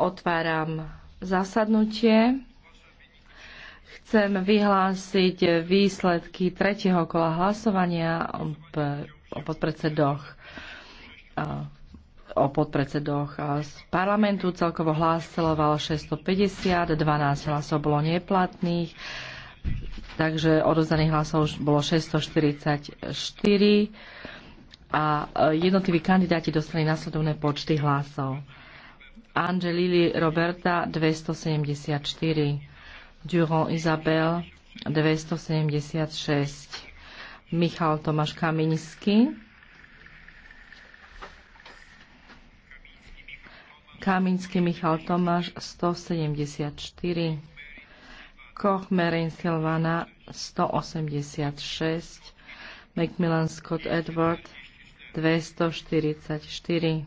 Otváram zasadnutie. Chcem vyhlásiť výsledky tretieho kola hlasovania o podpredsedoch o podpredsedoch z parlamentu. Celkovo hlasovalo 650, 12 hlasov bolo neplatných, takže odozdaných hlasov bolo 644 a e, jednotliví kandidáti dostali nasledovné počty hlasov. Angelili Roberta 274, Durand Isabel 276, Michal Tomáš Kaminsky, Kaminsky Michal Tomáš 174, Koch Merin Silvana 186, Macmillan Scott Edward 244.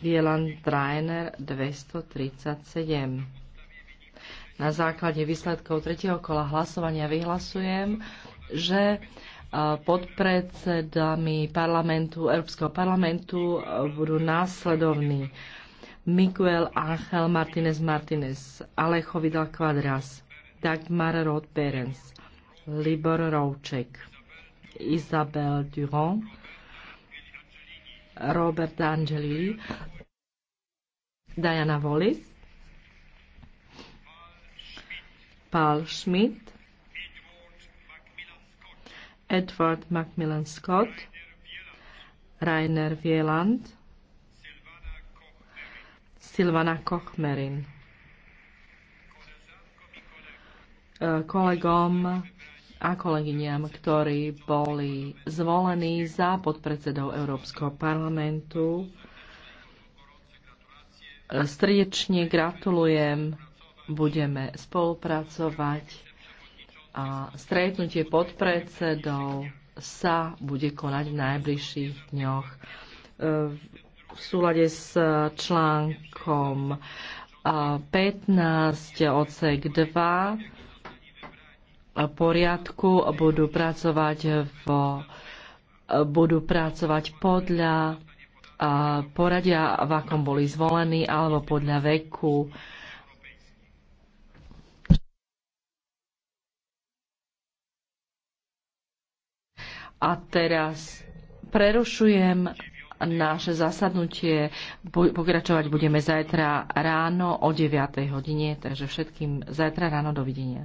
Wieland Draener 237. Na základe výsledkov tretieho kola hlasovania vyhlasujem, že e, podpredsedami parlamentu, Európskeho parlamentu e, budú následovní Miguel Ángel Martínez Martínez, Alejo Vidal Quadras, Dagmar Roth Berens, Libor Rouček, Isabel Durand, Robert Angeli, Diana Wallis, Paul Schmidt, Edward Macmillan Scott, Rainer Wieland, Silvana Kochmerin. Kolegom a kolegyňam, ktorí boli zvolení za podpredsedov Európskeho parlamentu. Srdečne gratulujem, budeme spolupracovať a stretnutie podpredsedov sa bude konať v najbližších dňoch v súlade s článkom 15 odsek 2 poriadku, budú pracovať v, budú pracovať podľa poradia, v akom boli zvolení, alebo podľa veku. A teraz prerušujem naše zasadnutie. Pokračovať budeme zajtra ráno o 9. hodine, takže všetkým zajtra ráno dovidenia.